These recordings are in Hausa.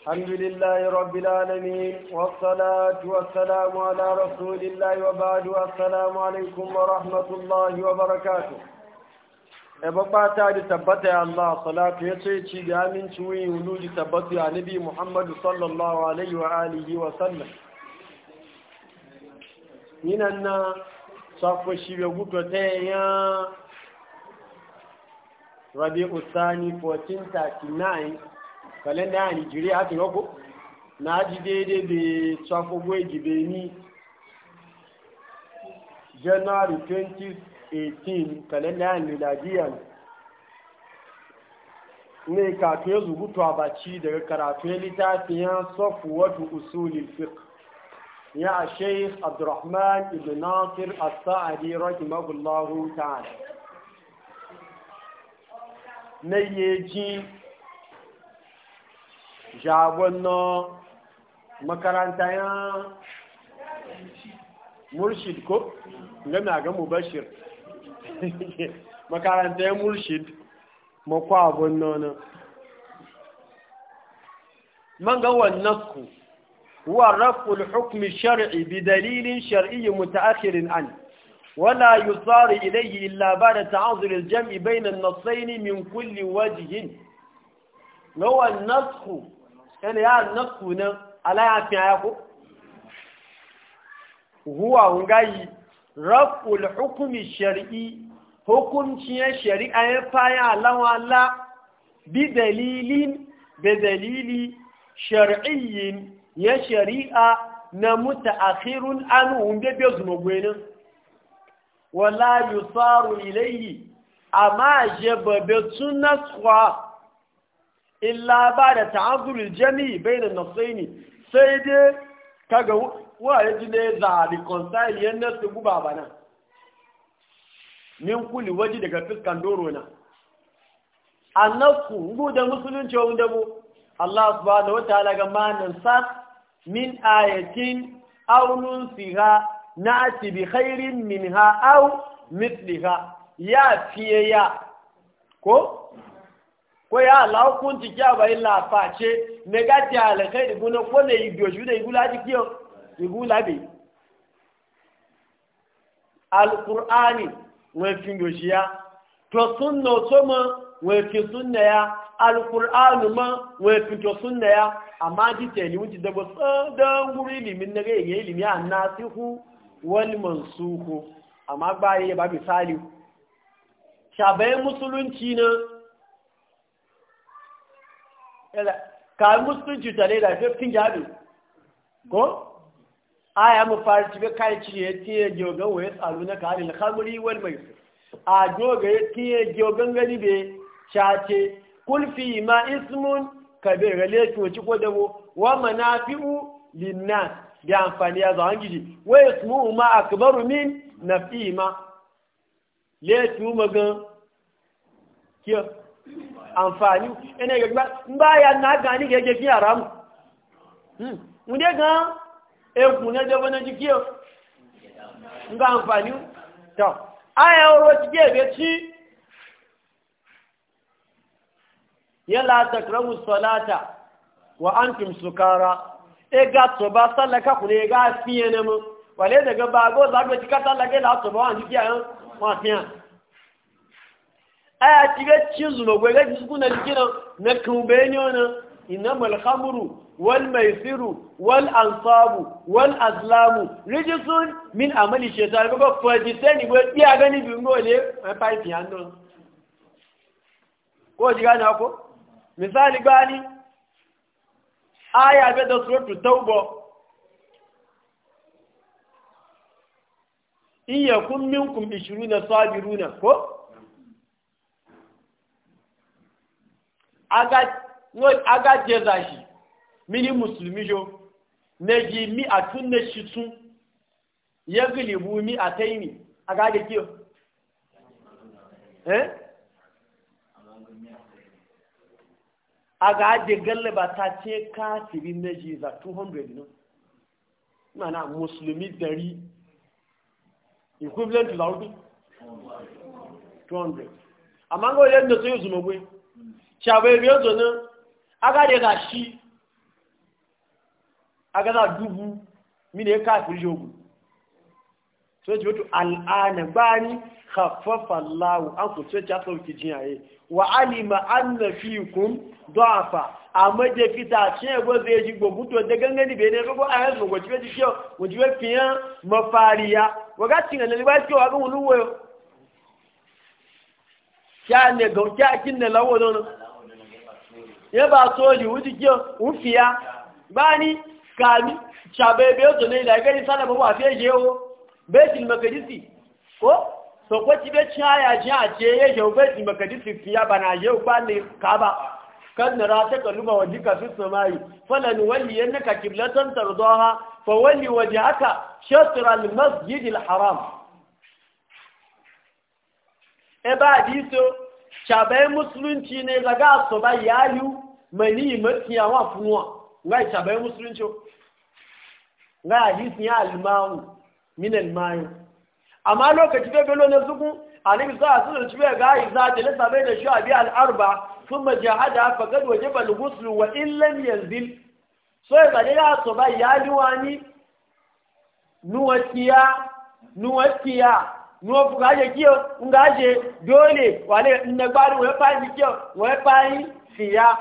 الحمد لله رب العالمين والصلاة والسلام على رسول الله وبعد السلام عليكم ورحمة الله وبركاته Ebaba ta da tabbata ya Allah salatu ya ce ci da aminci wuyi wuluji tabbatu ya nabi Muhammadu sallallahu alaihi wa alihi wa sallam. Yinan na safo shi ya gudu ta Rabi'u Sani 1439 kalenda ya nigeria haka yoko na ji daidai da tsafogbo egibe ni january 2018 kalenda ya miladiyan ne ka ya zubutu abaci daga karatu ya litafi ya sofu wata usulin fiqh يا شيخ عبد الرحمن بن ناصر الصاعدي رحمه الله تعالى نيجي jagon na makaranta ya murshid ko gana ga mubashir makaranta ya murshid makwa abun nana man ga wannan ku هو رفع الحكم الشرعي an. Wala متأخر عنه ولا يصار إليه إلا بعد تعاذر الجمع بين min من كل وجه هو النسخ ẹni ya nafsu nan alaya fi Huwa ko huwa hungayi raful hukumi shar'i hukunciyar shari'a ya fayá alawa la bi dalilin bí dalili shar'iyyin ya shari'a na mutaakhirun an hunde bi zumagwenin wala yusaru ilayhi amma jababe sunna illa ba da ta'azzurul jami bai da nasaini sai dai kaga wa ya ji ne za a reconcile yan nasu guba ba nan min kuli waje daga fiskan doro na annaku ngu da musulunci wanda mu Allah subhanahu wa ta'ala ga manan sa min ayatin aw na ati bi khairin minha aw mithliha ya fiye ya ko ko ya Allah hukunci kya bai laface ne ga ti alakai da guna ko ne igbo ju da igula ji kiyo igula bi alqur'ani fin yo yoshiya to sunno to ma wa fin sunna ya alqur'anu ma wa fin to sunna ya amma ji te ni wuci da ba dan guri limin na ga yayi limi annasihu wal mansuhu amma ba yayi ba misali shabai musulunci na ka musulunci tare da 15 jabi ko aya mu fara cibe kai ci ya tiye jogan waye tsaro na kare alhamri wal mai a joga ya tiye jogan gani be shace kulfi ma ismun kabira lekin wuci ko dabo wa manafi'u linnas bi amfani ya zawon gidi wa ismu ma akbaru min nafi ma lekin magan kiyo àǹfààní ẹni ẹgbẹ̀gbá ń bá ya náà gan ní gẹ́gẹ́ kí ara mù ń hmm. dé gan ẹkùn lẹ́jọ́ bọ́nà jí kí o ń bá àǹfààní tọ́ ayẹ oró ti jẹ́ ẹ̀bẹ̀ tí yẹ́ látàkìrọ́mù sọ́láta wà á ń tìm sùkára ẹgá tọba sálẹ́kàkùnrin ẹgá fi wà lẹ́ aya ga cizu ga cizu na likina na kubenyo na inama alhamuru wal maisiru wal ansabu wal azlamu rijisun min amali shetan gbogbo fajitani gwe biya gani bingo ne mai paipi hannu ko ji gani ko, misali gani aya bada surutu taubo kun yakun minkum 20 sabiruna ko agaje za shi mini musulmi jo na ji mi a tun ne shi tun ya gilibu mi a ta yi taimi a gaje kiyo eh a gaje galiba ta ce kafirin na ji za 200 no mana musulmi dari equivalent to 200 amma ga wajen da sai yi gwai shabai biyar zonin aga da ga shi aga za dubu mini ya kafin jogu so ji wato al'ana bani khaffafa lawu an ku sai ta jin jiyaye wa alima anna fikum da'afa amma da fita ce go zai ji go guto da gangani be ne go ayan go gojibe ji kiyo gojibe fiya mafariya waga tinga ne ba kiyo waga wulu woyo kya ne go kya kin ne lawo don ya ba so li wuji ke ufiya bani kami shabe be to ne da gari sana ba wa fe yewo betil makadisi ko so ko ti be ya ji a ce ye je betil makadisi fiya bana je ba kaba kan nara ta kaluba wa dika fi samai falan walli yanaka qiblatan tardaha fa walli wajhaka shatr al masjid al haram e ba diso shabai musulunci ne daga su ba yayu mani matiya wa funuwa ngai shabai musulunci ngai hadisi ya almawu min almayu amma lokaci da galo na zuku annabi sa su da cibe ga za, da biya sabai da shabi a hada thumma jahada faqad wajaba al ghusl wa in yanzu yanzil so yi daga su ba yayu wani nuwatiya nuwatiya nuwofu nga aje kiyo nga aje dole wale na gbari wai fayi kiyo wai fayi siya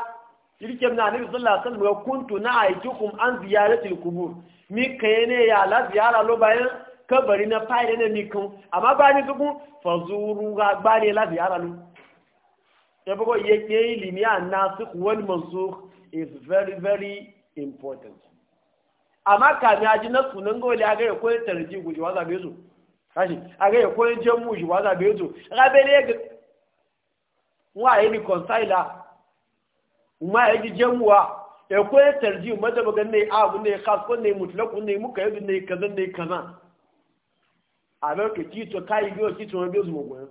shirke na nabi sallallahu alaihi wasallam kuntu na aikikum an ziyaratul kubur mi kayene ya la ziyara lo bayan kabari na fayi ne mi kun amma ba ni dubu fazuru ga gbari la ziyara lo ya bugo yake ilimi an nasikh wal mansukh is very very important amma mi aji na sunan gole aga ya koyi tarji gujewa zabe so. kashi aga ya koyin jan mushi wa zaɓe yato rabe ne ga wa ya ni konsaila ma ya ji jan muwa ya koyin tarji ma da bagan ne abu ne kasko ne mutlaku ne muka yadda ne kaza ne kaza a bai ka kito kayi biyo kito wani biyo su magoyan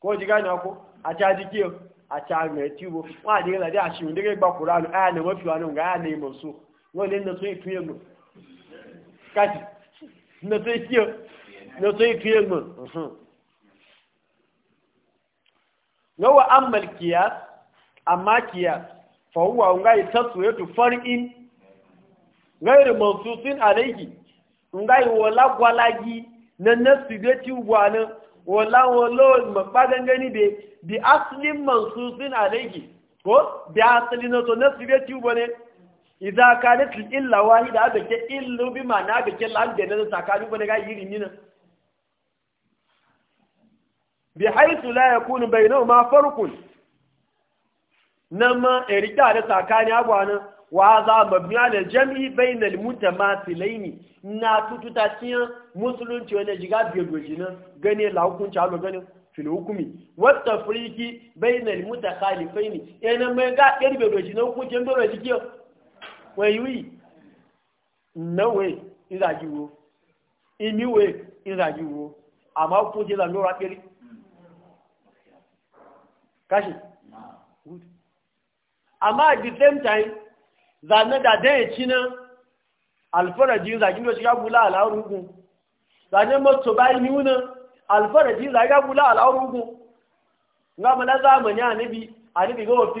ko ji gane ko a ta ji kiyo a ta mai tibo wa ji gana da a shi wanda ga ba kuranu aya ne mafi wani ga aya ne manso wani ne na sun yi tuyen mu kashi na sai kiyo na sai Në mun amë lë kiyas amma kiyas fa in, nga i rëmësusin a mansusin nga i wala sëgë na u gwana wala wala nga gani be bi aslin mansusin alayhi ko bi sëgë të u gwana Iza idza kanat illa wahida abake illu bi ma'ana abake lan da nan sakani ba daga yiri nina bi haythu la yakunu ma farqun nama erika da sakani abwana wa za mabni ala jam'i bainal mutamathilain na tututa tiyan musulunci wani jiga biyar gojina gane la hukunci alo gane fil hukumi wata friki bainal mutakhalifain yana mai ga irbe gojina hukuncin dole jikiyo wẹ̀yíwì ìnáwó ìràjúwo ìmíwé ìràjúwo àmọ́ kó jẹ́ lọ lóra kéré káṣì àmọ́ at the same time zanada dẹ́yẹ̀ china alfaraji ìràjúwo ṣe gábúlá aláwọ̀rúgùn zanẹ́ mọ́tò báyìí níwúná alfaraji ìràjúwo gábúlá aláwọ̀rúgùn ngámọ́lá zamani àníbi àníbi gọ́wọ́ fi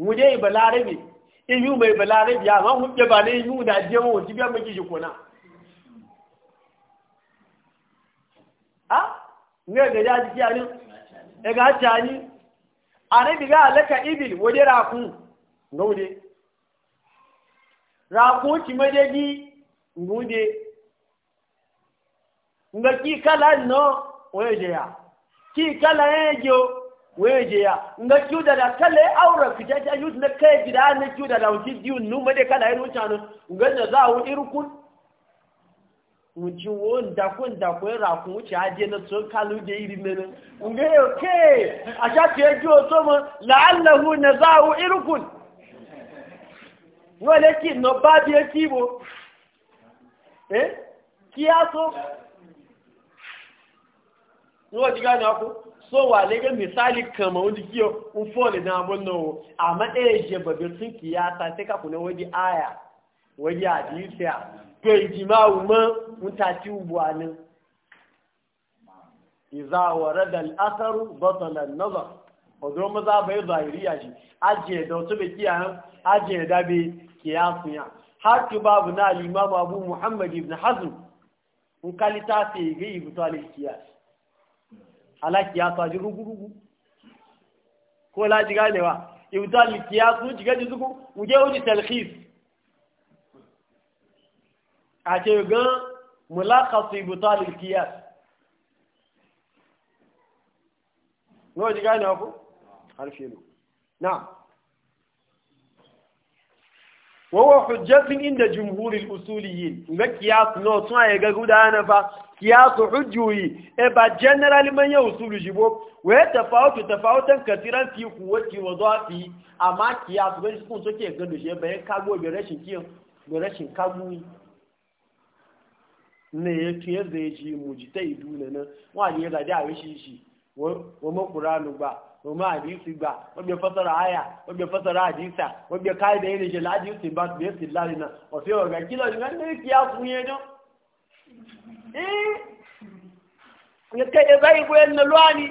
muje balarabe in yi mai balarabe ya ma hujje ba ne yi da je mu ji biya miki ji kona a ne ga ya ji kiyani e ga tani arabi ga alaka ibil waje raku ngode raku ki majeji ngode ki kala no waje ya ki kala ejo weje ya nga juda da kale aura fita ta yus na kai gida na juda da wuci diu nu ma de kala iru chanu nga da za wu iru kun wuci won da kun da kun ra kun wuci aje na so kalu de iri mena nga yo ke a sha ke jo to mo allahu na za wu iru kun le ki no ba bi e ki bo eh kiyaso Nwa jiga na ko so wa ga misali kama wani kiyo un fole na abun nawo amma matsayin e shi babu sun kiyasa sai ka kuna waje aya wani hadisiya to ci umma mutati ubuwanin iza wa al-atharu batala na nazar odo za bai zahiriya shi Ajiye da wasu be kiya ajiye da be kiyasu ya har ki babu na limama abu muhammad ibn hazm in kalita sai ga ibn talib kiyas alákìyàtọ̀ àti rúgúrúgú kó láti gáàlẹ̀ wa ìwúta lè kí á su jìgẹ́ jù súnkú ǹjẹ́ ó ní telkhis àti ìgán mùlákàtù ìbúta lè kí su ní ó jìgá ní ọkú alfèlú wawa hujjatun inda jumhurin usuliyin ga kiyasu no tun a ga gudana fa kiyasu hujjoyi e ba general man ya usulu jibo wa ya tafawutu tafawutan kasiran fi kuwati wa fi amma kiyasu gani sun soke ga dushe bayan kago bi rashin kiyan bi rashin kago ne ya tuye ya ji mujitaidu na wani ya zaɗi a wishin shi wa makuranu ba wọ́n máa àdìsí gbà wọ́n gbé fọ́sọ̀rọ̀ àyà wọ́n gbé àdìsá wọ́n gbé káyọ̀dé yìí nìṣẹ́ bá tìbí èsì láàrin náà ọ̀sẹ̀ ọ̀gá kí lọ́ọ́ nígbà ní kí á fún yẹn dán. ya kai ya zai koyar na luwani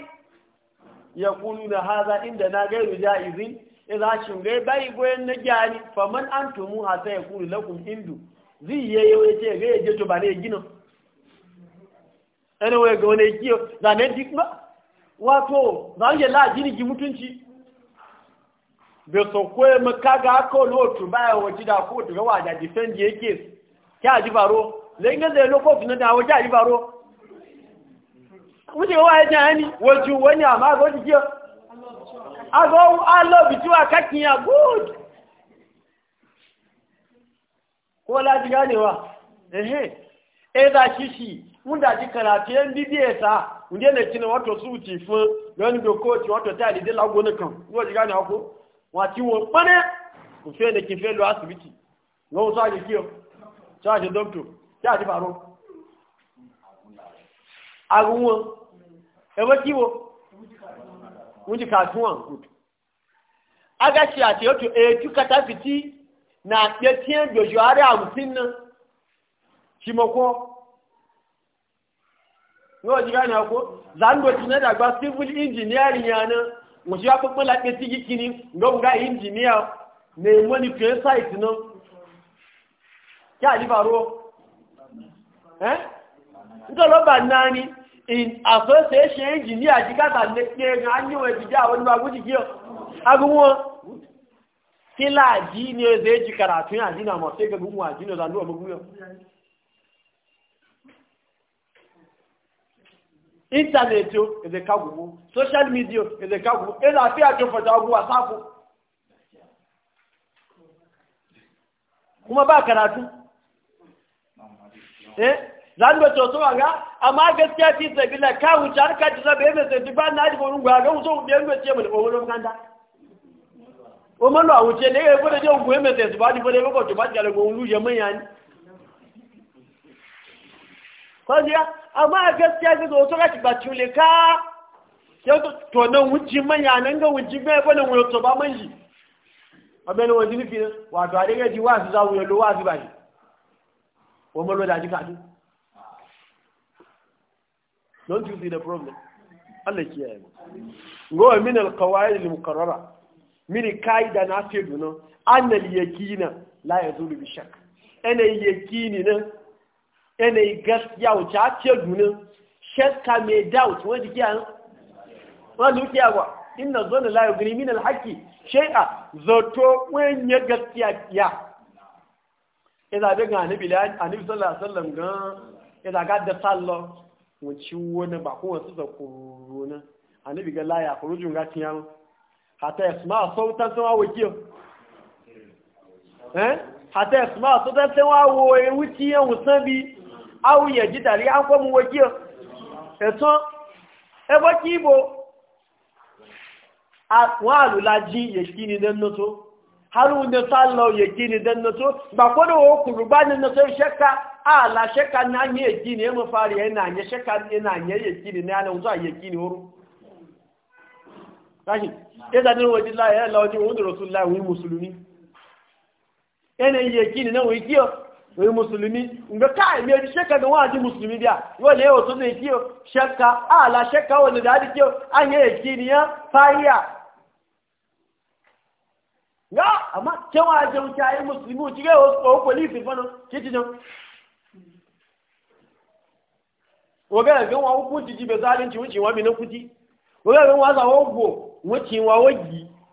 ya kunu na haza inda na gairu ja'izin ya za shi gai bai koyar na gyani faman an tumu hasa ya kunu lakum indu zai ya yi ya ce ya to ba gina ana waya ga wani dikma wato za mu yalla jirgi mutunci bai so koye maka ga aka wani baya waje da ko daga wada defend yake kya ji baro zai ga zai lokacin na waje kya ji baro wuce wa ya jani waju wani amma ga wani jiya a zo wani alo bituwa kakin ya good ko laji ganewa ehe e eh, da shi shi mun da ji karatu yan bibiyar nje na kina wato su ti fun lọ́ni do wato ta lide lagun nìkan wọ́n ti gane ọkọ wọn ti wọn pẹ́rẹ́ kò fẹ́ lè kí fẹ́ asibiti lọ́wọ́ sọ àyè kí ọ sọ àyè dọ́kítọ̀ tí a ti fàrọ. àrùn wọn ẹ̀wọ́ kí wọ́n ti agashi àti otu etu katafiti na àpẹtí ẹ̀dọ̀jọ̀ àárẹ̀ àwùsí náà ṣìmọ̀kọ́. yóò jí gánà kó zando gba náà dàgbà civil engineering yàn na mo ṣe wá pípín láti tí engineer na èmọ́ ni pé site náà kí àdífàró ẹ́ nítorí association engineer lè pé ọ agúnwọ́ intaneti o ezeka gwugwu soshal media o ezeka gwugwu ị na-afị ya chụfọta ọgwụ kuma ba karatu eh zan da to to ga amma a ti da bila ka wuce har ka ji zabe yana sai ba na ji gurin gwa ga wuce ubiyan da ce mu da wannan kanda o man lo awuce ne ga gure je gwe me sai ba di bare fajiya amma a gaskiya ga zo ga ci bacci le ka to nan wuji manya nan ga wuji mai bane wuyo to ba manji abin wajen nufi wato a dinga ji wasu za wuyo lo wasu ba ne wa malo da jika ne don't you see the problem Allah ki yaya gowa min alqawaid almuqarrara min kaida na ce duno annal yakina la yazulu bi shakk ana yakini nan yanayi gaskiya wuce a ce gunin shakka mai doubt wani jiki a wani duki agwa inna zonu layo gini alhaki shai'a zato wanye gaskiya ya ya zaɓe ga anabi anabi sallallahu alaihi ga da sallo wuce wani ba ko wasu zakuru na anabi ga laya kurujun ga tiyan hata ya suma sautan sama wakiyo eh? hata ya suma sautan sama wuce yan wusan bi au ya ji tari an kwamu wakil ẹ̀tọ́ e ẹgbọ́ e kí ibò wọ́n àlùlá jí yẹ̀kí ni dẹ́nàtó harun ní sálọ yẹ̀kí ni dẹ́nàtó gbàkọ́dọ̀ okùnrù bá ní nọ́tọ́ ààlà ṣẹ́ka ní àyẹ́ ní àyẹ́ wai musulmi nga kai me ji shakka ga wani musulmi biya wani yau to zai kiyo shakka ala shakka wani da kiyo an yi yakiniya fahiya nga amma cewa je wuce ayi musulmi Ki ga wasu ko police fano kiti don waga ga wa hukunci ji be zalunci wuce wa mi na kuti waga ga wa za wa go wuce wa wagi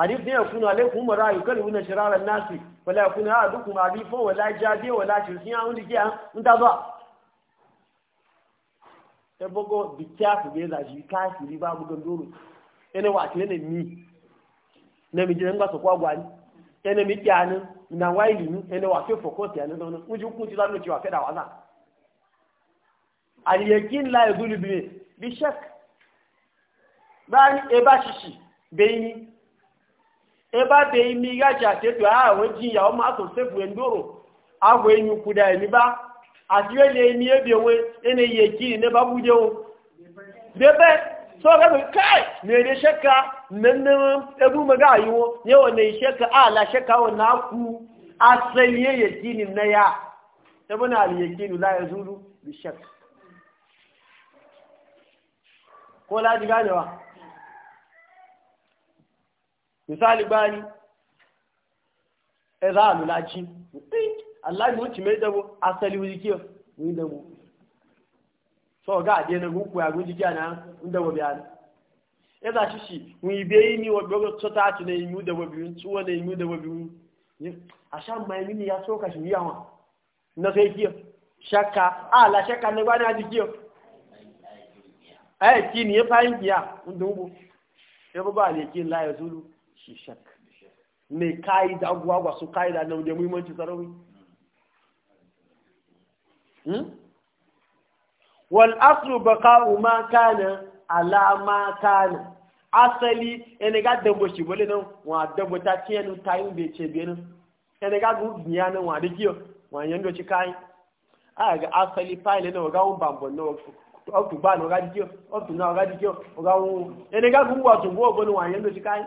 hadith ne yakunu alaikum mara yukaluna shirara nasi wala yakunu ahadukum alifa wala jadi wala shirkiya wani ke an ta zuwa e bogo bi kyafu be za shi kafiri ba bugan doro ene wa tene mi na mi jiran gbaso kwa gwani ene mi kyanu na wa ilimi ene wa fe focus ya ne dono uji ku ti lanu ci wa waza yakin bani eba be imi ga ja te to a we ji ya o ma so se bu endoro a we nyu ku da imi ba ati we le imi ebe we ene ye ne ba bu je o bebe so ga kai ne de shakka nan nan ebu ma ga yi wo ne wa ne shakka a la na ku asali ye ji ni na ya ibn na yakinu la yazulu bi shakka ko la diga ne wa misali gbani e za a lulaci Allah mu ci mai dabo asali wuji kiyo wuji dabo so ga ade na guku ya guji kiya na dabo biya e za shi shi mu yi beyi ni wa gogo to ta ci ne yi dabo biyu tuwa ne yi dabo biyu a sha mai mini ya soka shi yawa na sai kiyo shakka ala shakka ne gbani a jikiyo ai kini ya fahimta ya ndubu ya ba ba ne kin zulu shi shak mai ka'ida agwagwa su ka'ida na wajen muhimmanci sarauni hmm? wal aslu baka'u ma kana ala ma kana asali ene ga dambo shi bole nan wa dambo ta tiyanu tayin be ce be nan ene ga gu dunya nan wa dikiyo wa yando ci kai a ga asali file nan ga un bambo no o tu ba no ga dikiyo o tu na ga dikiyo o ga un ene ga gu wa tu go bo no wa yando ci kai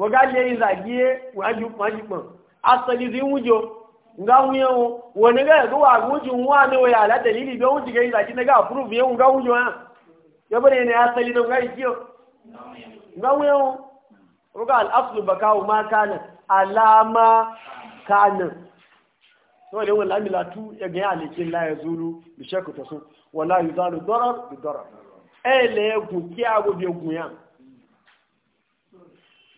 wọ́gá lè ìzàgíyé wájúpọ̀n asọ̀lìdì wújò nga wuyan wo wani ga yaga wa wuji wa ne wa yala dalili ga wuji na ga approve yan ya bane ne asali da ga ikiyo nga wuyan wo ruga al aslu bakawu ma kana alama kana to ya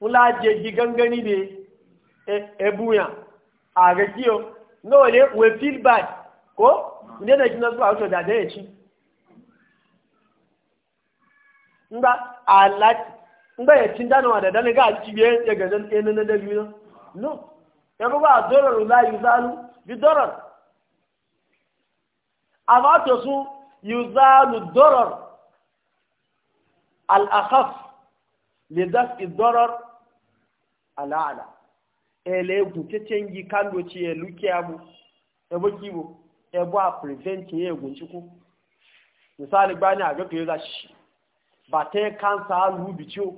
wula jeji gangani ne ebuya e a ga kiyo na wale we feel bad ko ne da kina zuwa wato da da ya ci a ala ngba ya tinda na da dan ga ci biye daga zan ɗaya na da biyu no ya ba dorar yi zalu, bi dorar amma to su yi zalu dorar al akhaf li daf'i dorar ala ala ele egwu cecen ngi kando ci ya e luke abu ebo kibo ebo a prevent ya egwu chukwu misali gbani ajo ga za shi ba ta yi kansa alu biciyo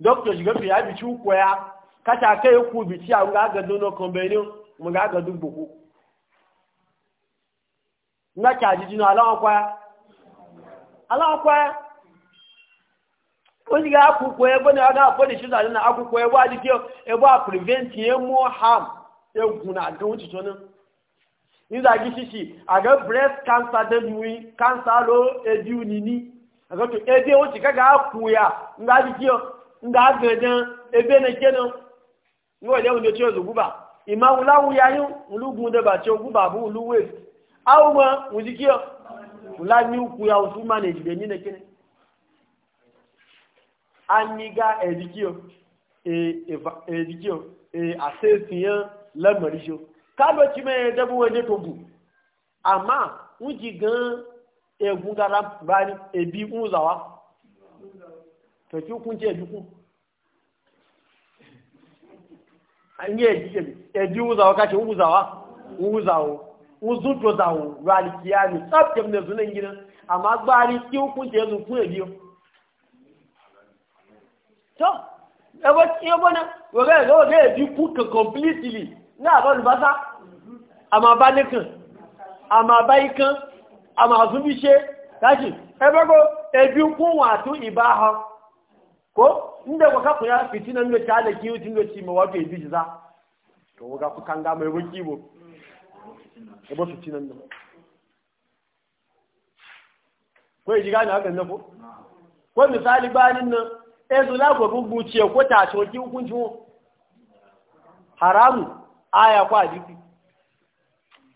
doctor shiga fiye bici uku ya kacha kai ku bici a ga gado na kombeni mu ga gado gbogbo nga kya jijinu alawa kwaya alawa ya. onye ga akwụkwọ ebe na aga na akwụkwọ ebe adịghị ebe a prevent ihe mụọ ham egwu na aga gị shishi aga breast cancer dị nwi cancer edi unini aga to ebe ka ga akwụ ya nga adịghị nga ebe na chi ya yụ ndebachi ogwu ba bụ ụlọ ukwu ya ụsụ ma na ejide na an yi ga edikiyo e, e, edikiyo e, a sefiyan lamari shi kalo ci mai dabu wani tobu amma wuji gan egun gara bani ebi unzawa to ki kun ce duku an yi edikiyo ebi unzawa kace unzawa unzawo uzuto zawo ralikiya ni tsaf kemne zunan ama amma gbari ki kun ce zun kun ediyo tó ẹgbẹ́ tí ó bọ́nà wẹ̀rẹ́ ẹ̀rọ ọ̀rẹ́ ẹ̀dí kú kàn completely ní àbọ̀ olùbásá àmà bá lẹ́kàn àmà bá ikán àmà àzúbíṣẹ́ láti ẹgbẹ́gbọ́ ẹbí kún wọn àtún ìbá ha ko ko ko ko misali bayanin ezu lagwa gugu ce ko ta shoki hukuncin haramu aya kwa adiki?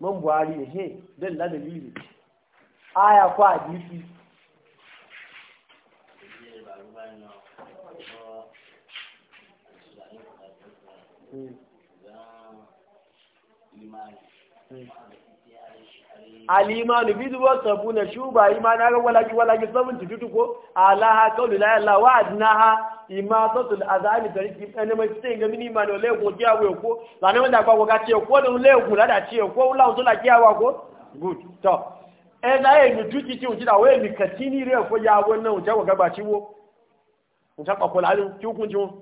man buhari ya he don na dalili aya kwa jiki Mm. alimanu bidu wa sabuna shuba imani aga walaki walaki sabun tututu ko alaha kaulu la ilaha wa ima imatatul azami tariki ene mai tsayin ga mini imani ole ko kiya we ko la ne wanda kwa ga ce ko don le ko la da ce ko la to la kiya ko good to e da e mi tuti ti da we mi katini re ko ya wonna unja ko gaba ci wo unja ko ko la ni ki kun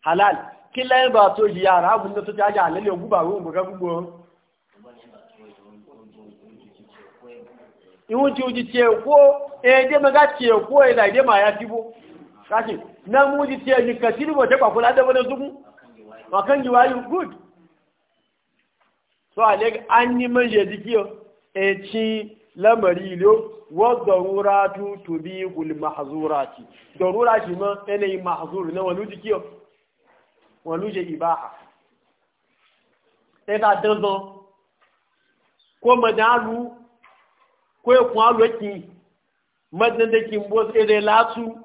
halal kila ba to yara abun da to ta ja lalle guba wo guba gubo iwuci uji tieko eh je maga tieko eh da je ma ya tibo kashi na muji tie ni kasiri bote kwa kula da wani zubu wakan you are good so ale an yi manje dikiyo eh ci lamari lo wa daruratu tubihul mahzurati darura shi ma yanayi mahzur na walu dikiyo walu je ibaha eh da danzon ko madalu ko ya kuma loki madan da kin bo sai dai latu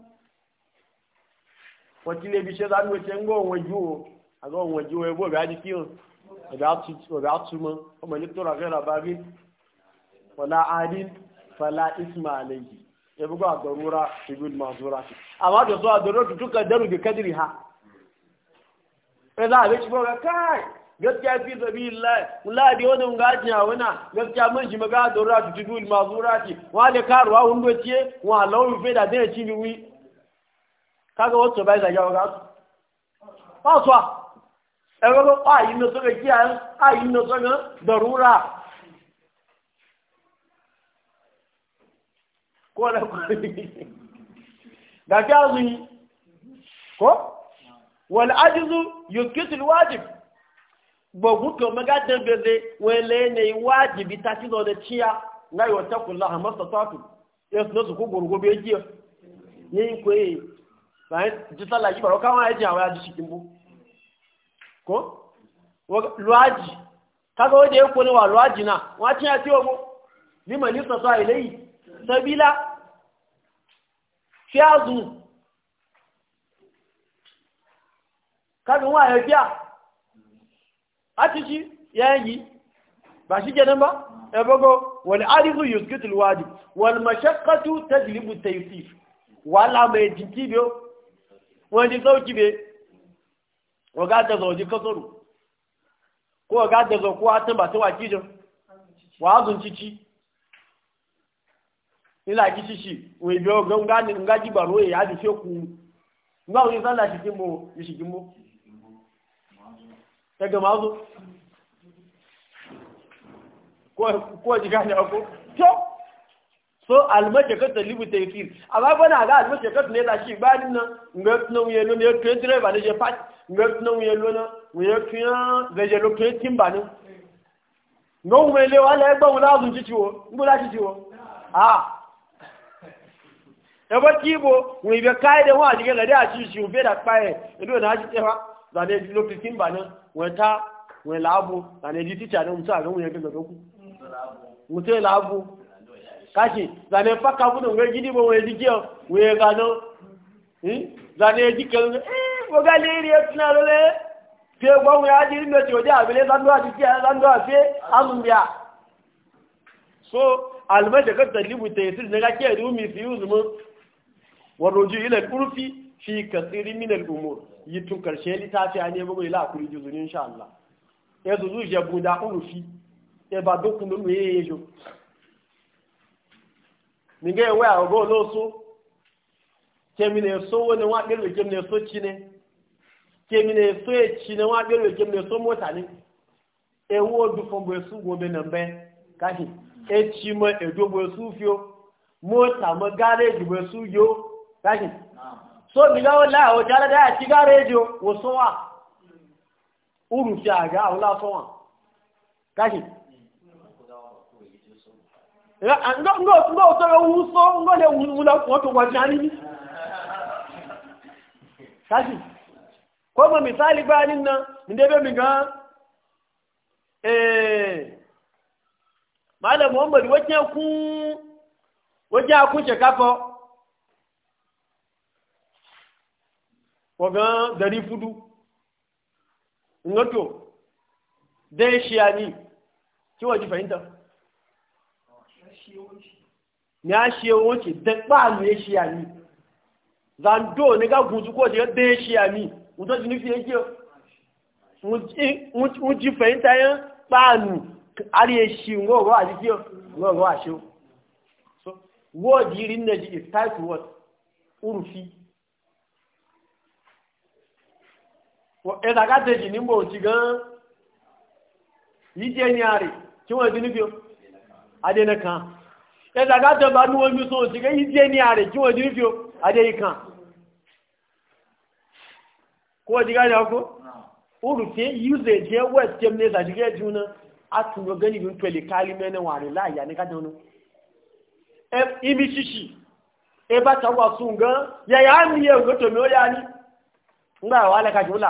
wati le bi she zan wo tengo wo ju a go wo ju e bo ga di kiyo e ga tu e ga tu mo o ma ni to e ra ga ra babi wala adin fala isma alayhi ya bugo a darura ibn mazura amma da so a darura tuka daru bi kadri ha eh za a bi ci bo ga kai gaskiya fi sabilillah muladi wannan gaji a wana gaskiya mun shi maga da ratu tudul mazurati wa da karuwa hundo ciye wa lawu fe da da ci wi kaga wato bai da yawa gasu ba so e go ba yin no soga kiya a yin no soga darura ko da ko da kazu ko wal ajzu yukitul wajib E, e, bagu ka magadan gaze wele na wajibi ta ci da ciya na yi wata kula a masa tatu ya suna su ko gurgurbe yake ne yi kwaye bayan ji sallah ji baro kawai yaji hawa yaji cikin ko luwaji kaga wajen ya kone wa luwaji na wacin ya ciwo mu lima nisa sa ilayi sabila fiyazu kaga wa ya fiya atici yayi ba shi kenan ba ya bago wal arifu yusqitul wajib wal mashaqqatu tajlibu taysif wala mai jiki biyo wani sauki be waga da zoji kasaru ko waga da zo ko atin ba ta waki jo wa azun cici ila kici o ibe biyo ganga ni ngaji baro ya di ku ngawo ni la cikin mo shi mo daga mazu ko ji gane ako to so almashakar da libu ta yi fil amma bana ga almashakar ne da shi nan nga tuna wuye lona ya tuye direba da je fat nga tuna wuye lona wuye tuya da je lo tuye timba nga lewa la egba wula azun ci ngula ci ciwo a ebe kibo wuibe kaide wa jige la a ci shi be da kpaye edo na zane ji lokacin ba nan wani ta wani labu zane ji tica ne mutu a gan wuyan gaba ku mutu ya labu kashi zane faka gudun wani gidi ba wani jikiya wani gano hmm? zane ya jika ne eh waga lere ya tuna lole fe gwanwu ya jiri mai cewa a bile zando a jikiya zando a fe azun biya so almashakar talibu ta yi sirri na gake rumi fi yi zumun wa rojo ilal urfi fi kasiri min al umur yi tun karshe littafi a nemo mai la'akuri ji zuni insha Allah ya zuzu ya buda urufi ya ba dukkan nunu ya yi jo ni ga yawa a lo so kemi ne so wani wa ɗin rikim ne so ci ne kemi ne so ya ci ne wa ɗin rikim ne so mota ne e wo dufon bai su gobe nan bai kashi e ci ma edo bai su fiyo mota ma gareji bai su yo kashi so mi ga wala o jara da ci ga rejo wo so wa uru fi aga wala so wa kashi ra ngo ngo ngo so ro wu so ngo le wu la ko to wa jani ni kashi ko ma misali ba nin nan min dai be mi ga eh malam muhammad wajen ku wajen ku wagan dari fudu ngato dai shiyani ki waje fahimta ya shiye wuce da ɓalu ya shiya ni zando ne ga guzu ko da yadda ya shiya ni wuta ji nufi yake wuji fahimta yin ɓalu har ya shi ngoro a jiki ngoro a shi wo jirin na ji is type what urufi ẹ̀ta kátẹ́jì nígbò ti gan yìí jẹ́ ní ààrẹ tí wọ́n ti níbi adẹ́nà kan ẹ̀ta kátẹ́ bá ní ojú sọ òsìkẹ́ yìí jẹ́ ní ààrẹ tí wọ́n ti níbi adẹ́yì kan kó o ti ọkọ́ olùfẹ́ yíṣẹ́ jẹ́ west germany sàdíkẹ́ jù náà gan yẹ̀yà ní ẹ̀rù tó mi ó yá ní ngbà wà lẹ́kàjọ́ là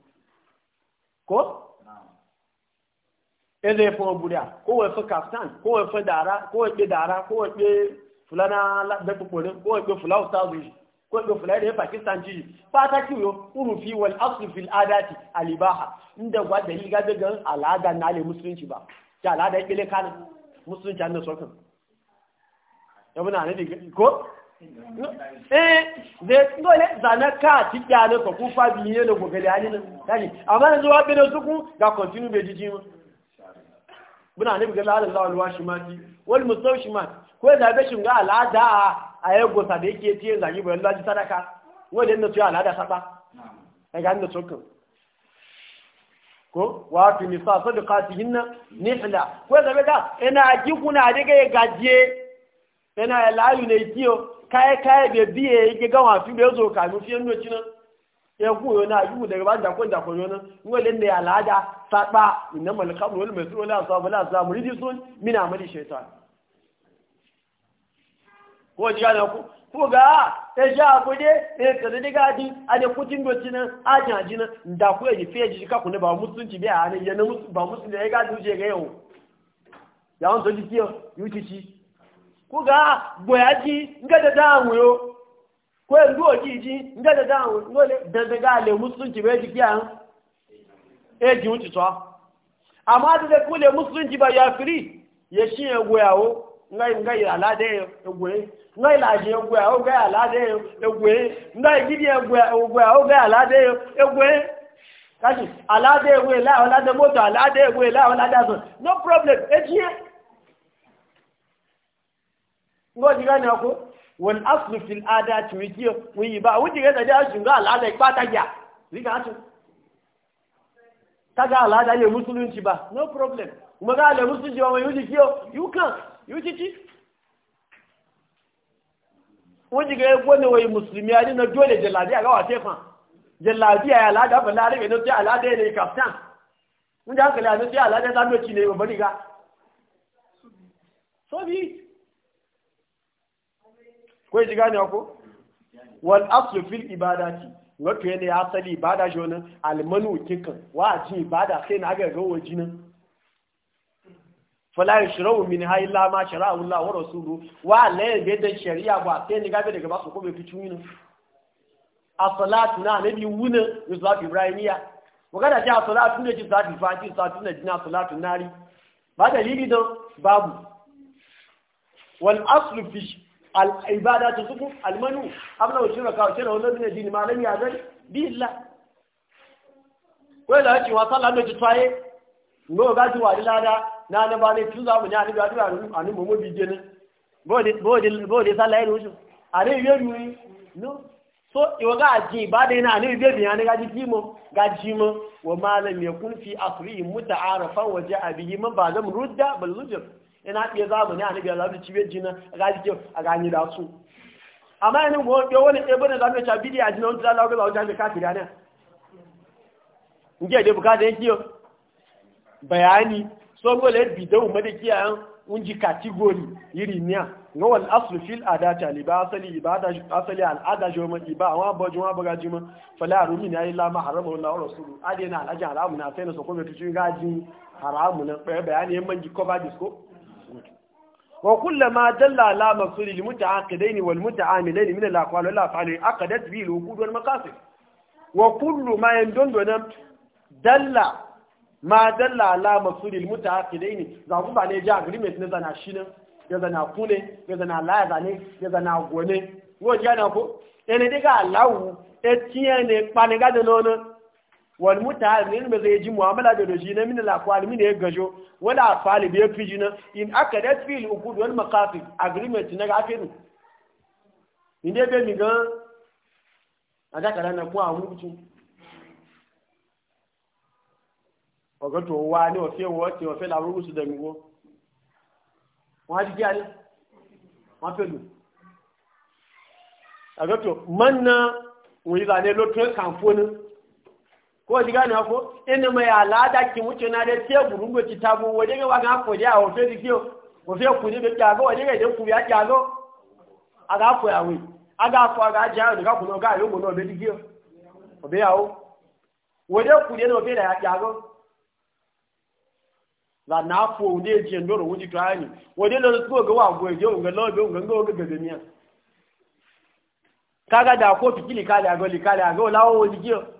ko eze fún ọbúrẹ́ kówẹ̀ efe kaftan kówẹ̀ efe Dara kówẹ̀ pé Dara kówẹ̀ pé fulana alábẹ́pọ̀pọ̀lẹ́ kówẹ̀ pé fula ọ̀sáwọ̀ yìí kówẹ̀ pé fula ẹ̀rẹ́ pakistan jíjì pàtàkì yóò kúrò fi adati alibaha ń dẹ̀gbà dẹ̀yí gágẹ́gẹ́ al'ada na musulunci ba tí alada ìpele kánà musulunci eh da dole zana ka ti kyale ko ku fa biye ne ko gari ani nan amma yanzu wa bi da suku ga continue be jiji mu buna ne ga Allah washimati wal mustawshimat ko da be shin ga alada a yago sa da yake tiye bayan laji sadaka alada saba ga ko nisa nihla ko da be ga ina kuna daga ina ne kai kai be biye yake ga wa fi bezo ka mu fi ndo ya ku na yu daga ba da na da ko yo na wole ne alada saba inna mal khamru wal maisru la sa wala sa amali ko ji ga ku ko ga e, e de de di a de ku tin do china a ja e ji ka ku ne ba musunci bi a na musu ba musu ne e ga du ga yo ya on ti Ku ga ji, nga da dawo yo ko ndu ojiji ngada dawo ngole dande gale musulunci be jikiya e ji unti to amma da kule musulunci ba ya firi ya shi e ya goyawo ngai ngai alade egwe ngai laje egwe o ngai alade egwe ngai gidi egwe egwe o ngai alade egwe kashi alade egwe la alade moto ala alade egwe la alade aso no problem e ji ngo diga ne ko wal aslu fil adati wiki wi ba wuji ga da jashi ga al'ada ipata ya diga atu kaga al'ada ne musulunci ba no problem kuma ga al'ada musulunci ba mai wuji kiyo you can you titi wuji ga gone wai musulmi ali na dole jalabiya ga wa tefan jalabiya ya al'ada ba na rabe no sai al'ada ne kaftan mun da hankali a sai al'ada ta doki ne ba bari ga so bi ko ji gane ko wal aslu fil ibadati wato yana ya asali ibada jona almanu kikan wa ji ibada sai na ga ga waji nan fala yashrawu min hayy la ma shara'a Allah wa rasuluhu wa la yadda shari'a ba sai ni gabe daga basu ko bai fitu ni a salatu na nabi wuna yusuf ibrahimiya magana a salatu ne ji sati fati sati ne jina salatu nari ba dalili don babu wal aslu fi al'ibada ta suku almanu abin da shirin kawo shirin wanda zai jini malam ya zai biyilla wai da wacewa wasa da ta twaye ngo gaji ji wadi lada na na ba ne tun zamu ne ani ga dura ani mu mu bije ne bodi bodi bodi sallah ne wuce ani yo ni no so iwa ga ji ba da ina ani biyar biya ne ga ji kimo ga ji mo wa malam yakun fi asri muta'arafa wa ja'a bihi man ba zam rudda ba zujr ina ɗaya zamani a nabiya zaɓi cibiyar jina a gaji kyau a gani da su amma yana gwa ɗaya wani ɗaya bane zaɓi ca bidiya jina wani tsala wani zaɓi jami'a kafin yana nke da bukata yake yau bayani so gole bidan umar da kiyayen unji katigori yiri niya na wal aslu fil adata li ba asali ibada asali al'ada jo ma iba wa ba jo ba ga jima fala na harama na sai na na bayani وكل ما دل على مفصول المتعاقدين والمتعاملين من الأقوال والأفعال عقدت به الوجود والمقاصد وكل ما يندون دون دل ما دل على مفصول المتعاقدين زعبوا عليه جاء agreement ne شين shi ne ya لا ku ne ya zana laya ne ya zana gone wo jana ko wal mutahal ne ba zai ji mu'amala da doji na min al aqwal min ya gajo wala afali bi fiji na in akadat fi al uqud wal maqasid agreement na ga afiru inde be mi gan aja kala na ku awu bitu ogo to wa ni o fe wo ti o fe la ru su da mi wo wa ji ja ni wa fe lu ago to manna wo yi ga ne lo to kan fo ni ko ji gane ko ina mai alada ki wuce na da teburu ngo ci tabu waje ga waga ko ja o fe dikiyo o fe ku ni be ja ga ku ya aga ko ya wi aga ko aga ja ga ku no ga yo mo no be dikiyo o be ya ya ja go na fo o de je ndoro wuji to waje lo ko ga wa go je ga lo be o ga ngo ga be kaga da ko fikili kale ago likale dikiyo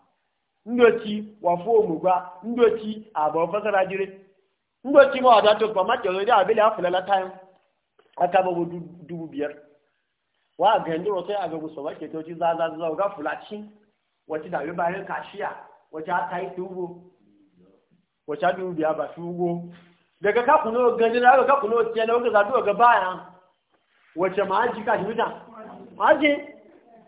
ndochi wafo omugwa ndochi abụọ ofasara jiri ndochi ma wada to ba mace lori abịa afulala time aka ba dubu biyar wa ga ndiro sai aga bu so bace toci za za ga fulaci wace da yi bayan kashiya wace aka yi ugbo dubu biya daga na daga ka kuno na ma ka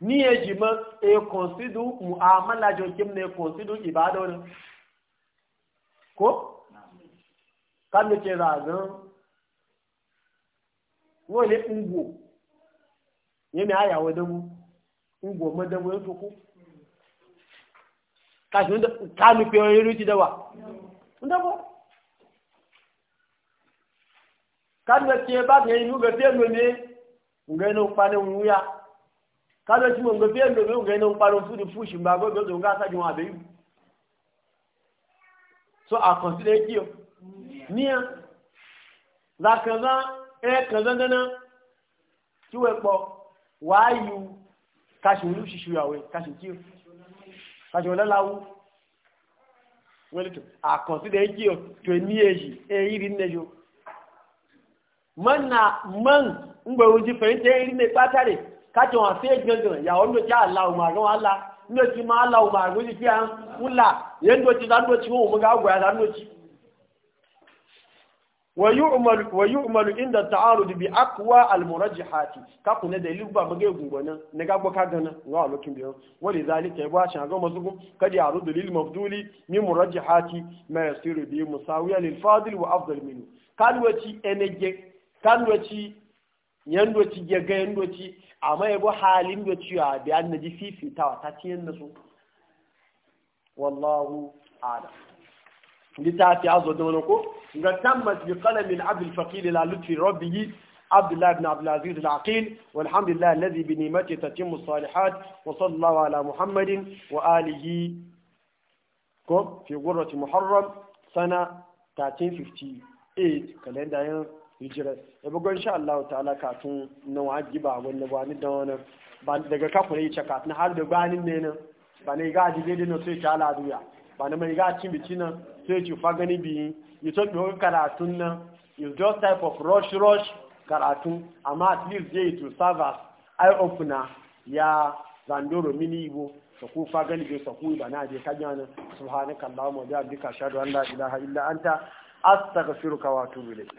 ni ya ji ma e consider mu'amala jo kim ne consider ibada ne ko kan ne ce zazan wole ungo ye ne aya wa damu ungo ma damu ya to ko ka shi ka mi pe yoru ti dawa ndawo kan ne ce ba ne yuga te ne ngai no pa ne wuya kálọ̀ tí mo ń gbé bí ẹ̀lò mi ò gẹ́ inú ń parọ́ fún ní fún ìṣìgbà gbọ́gbọ́ tó ń Ni sájú Za àbẹ́yù so àkọsílẹ̀ kí o ní à lákànlá ẹ̀ẹ̀kan dandanà tí wọ́n pọ̀ wàá yù káṣí olú ṣíṣú ìyàwó káṣí kí o káṣí ọlọ́láwú wọ́n lè tó àkọsílẹ̀ kí o tó ní èyí èyí rí nẹ́jọ mọ́nà mọ́n ń gbèrú ti fẹ̀yìntẹ́ kájọ wọn sí gangan ìyàwó ló jẹ́ àlàó màgán wọn ló ti máa láwọ màgán sí kí yẹn ló ti dáńdó tí wọn mú ká gbọ́ yàtá ló ti. ويؤمل عند التعارض باقوى المرجحات كاكونه دليل با مage gungbona ne ga gboka gana wa lokin biyo wali zalika ba shan ga mazugun kadi arud lil mafduli min murajjihati ma yasiru bi musawiya lil fadil wa afdal minhu kan wati yando ci ya ga yando ci amma yabo halin da ciwa da an naji fifitawa ta ci yanda su wallahu a'lam litafi azo da wani ko ga tammat bi qalamin abdul faqil ila lutfi rabbih عبد الله بن عبد العزيز العقيل والحمد لله الذي بنعمته تتم الصالحات وصلى الله على محمد وآله في غرة محرم سنة 1358 كالندا hijira ya bugon sha Allah ta'ala kafin na waji ba wanda ba ni da wani ba daga kafin ya ce kafin har da banin ne nan ba ne ga ji daidai na sai ta duya ba na mai ga cin biki nan sai ci fa gani biyi you talk about karatun nan you just type of rush rush karatun amma at least dai to serve as eye opener ya zandoro mini ibo saku fa gani bai saku ba na je kanya nan subhanakallahumma wa bihamdika ashhadu an la ilaha illa anta astaghfiruka wa atubu ilayk